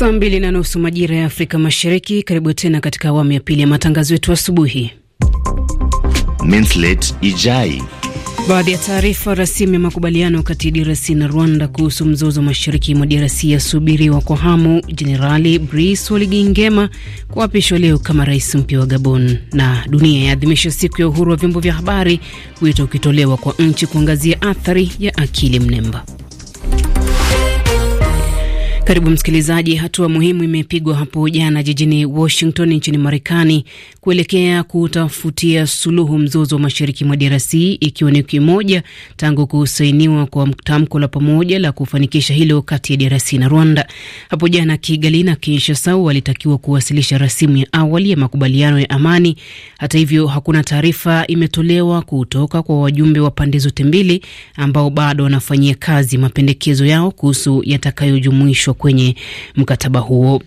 Saa mbili na nusu majira ya Afrika Mashariki. Karibu tena katika awamu ya pili ya matangazo yetu asubuhi. Minslet Ijai. Baadhi ya taarifa rasimu ya makubaliano kati ya DRC na Rwanda kuhusu mzozo mashariki mwa DRC yasubiriwa kwa hamu. Jenerali Brice waligingema Nguema kuapishwa leo kama rais mpya wa Gabon, na dunia yaadhimisha siku ya uhuru wa vyombo vya habari, wito ukitolewa kwa nchi kuangazia athari ya akili mnemba. Karibu msikilizaji. Hatua muhimu imepigwa hapo jana jijini Washington nchini Marekani kuelekea kutafutia suluhu mzozo wa mashariki mwa DRC, ikiwa ni wiki moja tangu kusainiwa kwa tamko la pamoja la kufanikisha hilo kati ya DRC na Rwanda. Hapo jana Kigali na Kinshasa walitakiwa kuwasilisha rasimu ya awali ya makubaliano ya amani. Hata hivyo, hakuna taarifa imetolewa kutoka kwa wajumbe wa pande zote mbili ambao bado wanafanyia kazi mapendekezo yao kuhusu yatakayojumuishwa kwenye mkataba huo.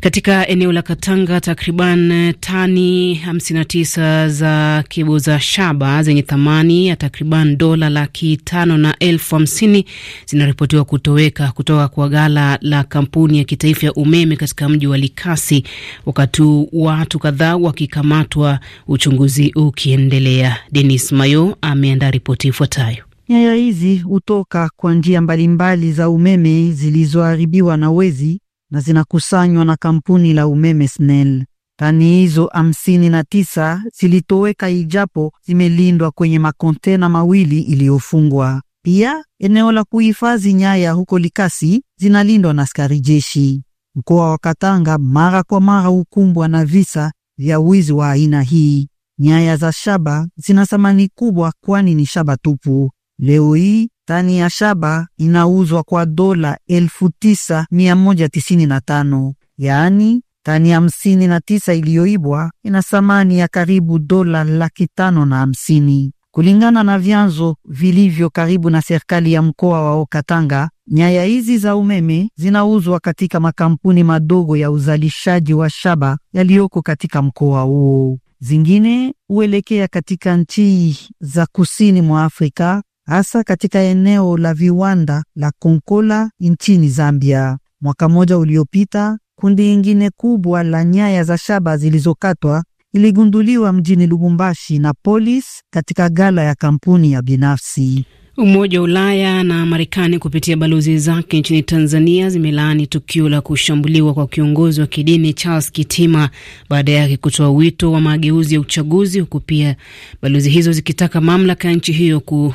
Katika eneo la Katanga, takriban tani 59 za kebo za shaba zenye thamani ya takriban dola laki tano na elfu hamsini zinaripotiwa kutoweka kutoka kwa ghala la kampuni ya kitaifa ya umeme katika mji wa Likasi, wakati watu kadhaa wakikamatwa, uchunguzi ukiendelea. Denis Mayo ameandaa ripoti ifuatayo. Nyaya hizi hutoka kwa njia mbalimbali za umeme zilizoharibiwa na wezi na zinakusanywa na kampuni la umeme SNEL. Tani hizo 59 na tisa zilitoweka ijapo zimelindwa kwenye makontena mawili iliyofungwa. Pia eneo la kuhifadhi nyaya huko Likasi zinalindwa na askari jeshi. Mkoa wa Katanga mara kwa mara hukumbwa na visa vya wizi wa aina hii. Nyaya za shaba zina thamani kubwa, kwani ni shaba tupu. Leo hii tani ya shaba inauzwa kwa dola 9195 yaani tani hamsini na tisa iliyoibwa ina thamani ya karibu dola laki tano na hamsini kulingana na vyanzo vilivyo karibu na serikali ya mkoa wa Okatanga. Nyaya hizi za umeme zinauzwa katika makampuni madogo ya uzalishaji wa shaba yaliyoko katika mkoa huo. Zingine huelekea katika nchi za kusini mwa Afrika hasa katika eneo la viwanda la Konkola nchini Zambia. Mwaka mmoja uliopita, kundi ingine kubwa la nyaya za shaba zilizokatwa iligunduliwa mjini Lubumbashi na polisi katika gala ya kampuni ya binafsi. Umoja wa Ulaya na Marekani kupitia balozi zake nchini Tanzania zimelaani tukio la kushambuliwa kwa kiongozi wa kidini Charles Kitima baada yake kutoa wito wa mageuzi ya uchaguzi, huku pia balozi hizo zikitaka mamlaka ya nchi hiyo ku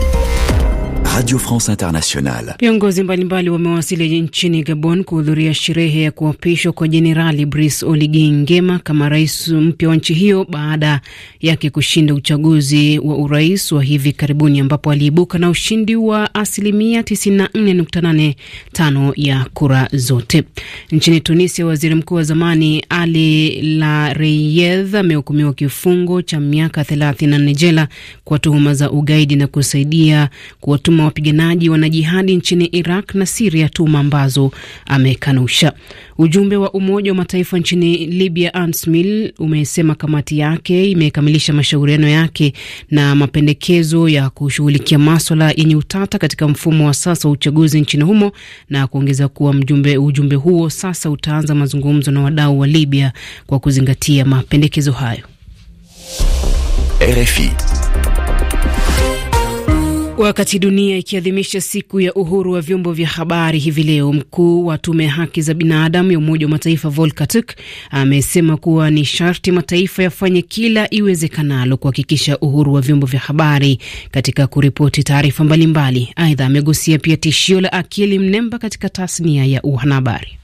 Radio France Internationale. Viongozi mbalimbali wamewasili nchini Gabon kuhudhuria sherehe ya kuapishwa kwa Jenerali Brice Oligui Nguema kama rais mpya wa nchi hiyo baada yake kushinda uchaguzi wa urais wa hivi karibuni ambapo aliibuka na ushindi wa asilimia 94.85 ya kura zote. Nchini Tunisia, waziri mkuu wa zamani Ali La Reyedh amehukumiwa kifungo cha miaka 34 jela kwa tuhuma za ugaidi na kusaidia kuwatuma amesema wapiganaji wanajihadi nchini Iraq na Siria, tuma ambazo amekanusha. Ujumbe wa Umoja wa Mataifa nchini Libya, ANSMIL, umesema kamati yake imekamilisha mashauriano yake na mapendekezo ya kushughulikia maswala yenye utata katika mfumo wa sasa wa uchaguzi nchini humo na kuongeza kuwa mjumbe, ujumbe huo sasa utaanza mazungumzo na wadau wa Libya kwa kuzingatia mapendekezo hayo. RFI. Wakati dunia ikiadhimisha siku ya uhuru wa vyombo vya habari hivi leo, mkuu wa tume ya haki za binadamu ya Umoja wa Mataifa Volker Turk amesema kuwa ni sharti mataifa yafanye kila iwezekanalo kuhakikisha uhuru wa vyombo vya habari katika kuripoti taarifa mbalimbali. Aidha, amegusia pia tishio la akili mnemba katika tasnia ya uhanahabari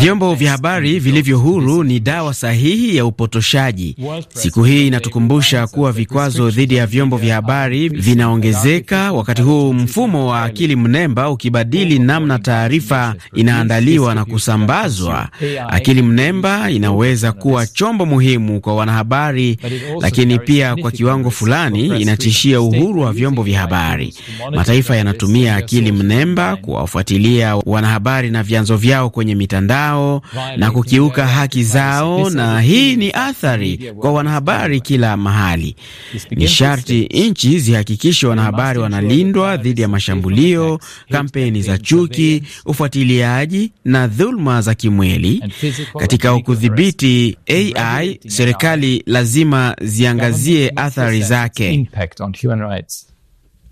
vyombo vya habari vilivyo huru ni dawa sahihi ya upotoshaji. Siku hii inatukumbusha kuwa vikwazo dhidi ya vyombo vya habari vinaongezeka, wakati huu mfumo wa akili mnemba ukibadili namna taarifa inaandaliwa na kusambazwa. Akili mnemba inaweza kuwa chombo muhimu kwa wanahabari, lakini pia kwa kiwango fulani inatishia uhuru wa vyombo vya habari. Mataifa yanatumia akili mnemba kuwafuatilia wanahabari na vya vyanzo vyao kwenye mitandao na kukiuka haki zao, na hii ni athari kwa wanahabari kila mahali. Ni sharti nchi zihakikishe wanahabari wanalindwa dhidi ya mashambulio, kampeni za chuki, ufuatiliaji na dhuluma za kimweli. Katika kudhibiti AI, serikali lazima ziangazie athari zake.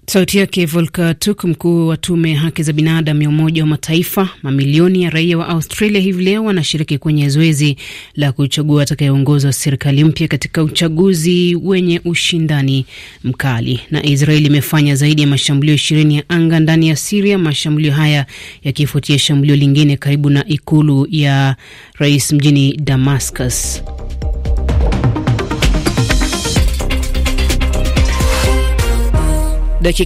Sauti yake Volker Turk, mkuu wa tume ya haki za binadamu ya Umoja wa Mataifa. Mamilioni ya raia wa Australia hivi leo wanashiriki kwenye zoezi la kuchagua atakayeongoza serikali mpya katika uchaguzi wenye ushindani mkali. Na Israeli imefanya zaidi ya mashambulio ishirini ya anga ndani ya Siria, mashambulio haya yakifuatia shambulio lingine karibu na ikulu ya rais mjini Damascus. dakika